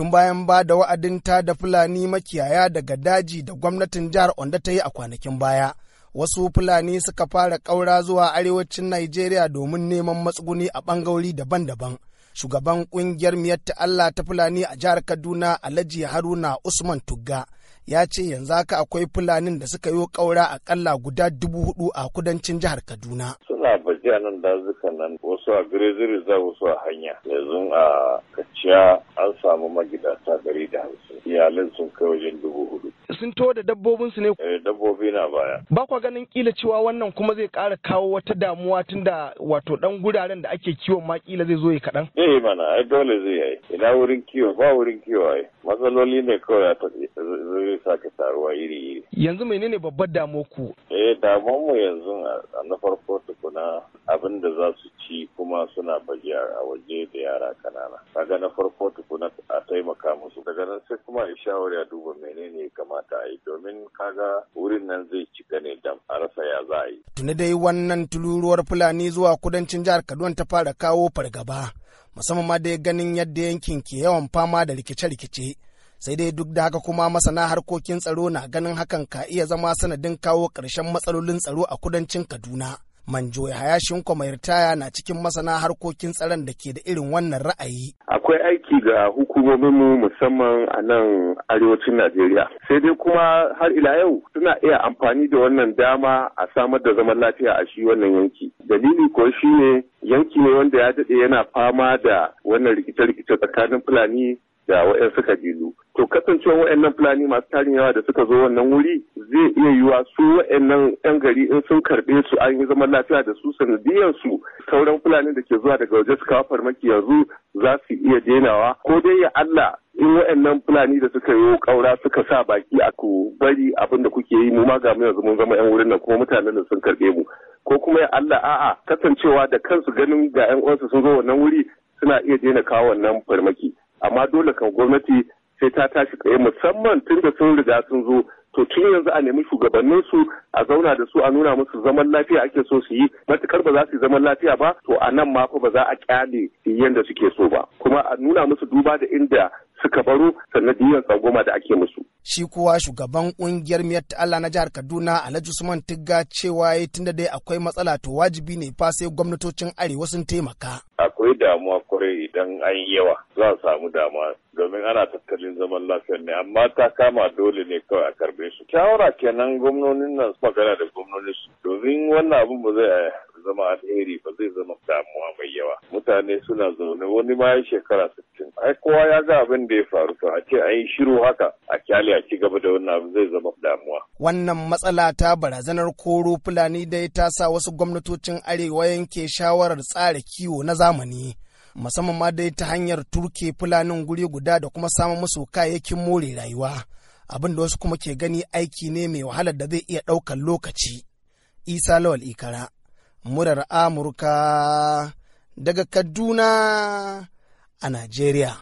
tun bayan ba da wa'adin ta da Fulani makiyaya daga daji da gwamnatin jihar Onda ta yi a kwanakin baya. Wasu Fulani suka fara ƙaura zuwa arewacin Najeriya domin neman matsuguni a ɓangarori daban-daban. Shugaban ƙungiyar Miyatta Allah ta Fulani a jihar Kaduna Alhaji Haruna Usman Tugga ya ce yanzu haka akwai fulanin da suka yi kaura akalla guda dubu hudu a kudancin jihar Kaduna. Suna baje nan dazuka nan wasu a Graziri za wasu a hanya. Yanzu a Kaciya an samu magidata dari da hamsin. Iyalin sun kai wajen dubu hudu. Sun to da dabbobinsu ne? Eh dabbobi na baya. Ba kwa ganin kila cewa wannan kuma zai ƙara kawo wata damuwa tunda wato dan guraren da ake kiwon ma kila zai zo ya kaɗan. Eh mana ai dole zai yi. Ina wurin kiwo ba wurin kiwo ai. Matsaloli ne kawai a zai sake taruwa iri-iri. Yanzu menene babbar damoku? ku? Eh damon mu yanzu a na farko tukuna abin da za su ci kuma suna baje a waje da yara kanana. Kaga na farko tukuna a taimaka musu daga nan sai kuma a shawari a duba menene kamata a yi domin kaga wurin nan zai ci gane da a rasa ya za a yi. Tuni dai wannan tuluruwar Fulani zuwa kudancin jihar Kaduna ta fara kawo fargaba. Musamman ma dai ganin yadda yankin ke yawan fama da rikice-rikice. sai dai duk da haka kuma masana harkokin tsaro na ganin hakan ka iya zama sanadin kawo ƙarshen matsalolin tsaro a kudancin kaduna manjo hayashin mai ritaya na cikin masana harkokin tsaron da ke da irin wannan ra'ayi. Akwai aiki ga hukumominmu musamman a nan arewacin Najeriya. Sai dai kuma har ila yau suna iya amfani da wannan dama a samar da zaman lafiya a shi wannan yanki. Dalili ko shi ne yanki ne wanda ya daɗe yana fama da wannan rikice-rikice tsakanin Fulani da suka kabilu. To kasancewar nan Fulani masu tarin yawa da suka zo wannan wuri zai iya yiwa su nan 'yan gari in sun karbe su an yi zaman lafiya da su sanadiyar su sauran Fulani da ke zuwa daga waje su kawo farmaki yanzu za su iya denawa ko dai ya Allah in nan fulani da suka yi ƙaura suka sa baki a ku bari abin da kuke yi mu ma ga mu yanzu mun zama yan wurin nan kuma mutanen da sun karɓe mu ko kuma ya Allah a'a kasancewa da kansu ganin ga yan uwansu sun zo wannan wuri suna iya daina kawo wannan farmaki amma dole kan gwamnati sai ta tashi tsaye musamman tun da sun riga sun zo to tun yanzu a nemi shugabannin su a zauna da su a nuna musu zaman lafiya ake so su yi matukar ba za su yi zaman lafiya ba to a nan ma fa ba za a kyale su yanda suke so ba kuma a nuna musu duba da inda suka baro sannan sanadiyyar tsangwama da ake musu shi kuwa shugaban kungiyar miyar ta Allah na jihar Kaduna Alhaji Usman Tigga cewa yai tunda dai akwai matsala to wajibi ne fa sai gwamnatocin Arewa sun taimaka. Akwai damuwa kwarai idan an yi yawa za a samu damuwa. domin ana tattalin zaman lafiyar ne amma ta kama dole ne kawai a karbe su. Shawara kenan gwamnonin nan su magana da gwamnonin su domin wannan abin ba zai zama alheri ba zai zama damuwa mai yawa. Mutane suna zaune wani ma shekara sittin ai kowa ya ga abin da ya faru to a ce an yi shiru haka a kyale a ci gaba da wannan abu zai zama damuwa wannan matsala ta barazanar koro fulani dai ta sa wasu gwamnatocin arewa yanke shawarar tsara kiwo na zamani musamman ma dai ta hanyar turke fulanin guri guda da kuma samun musu kayayyakin more rayuwa abin da wasu kuma ke gani aiki ne mai wahalar da zai iya ɗaukar lokaci isa lawal ikara murar amurka daga kaduna a Najeriya.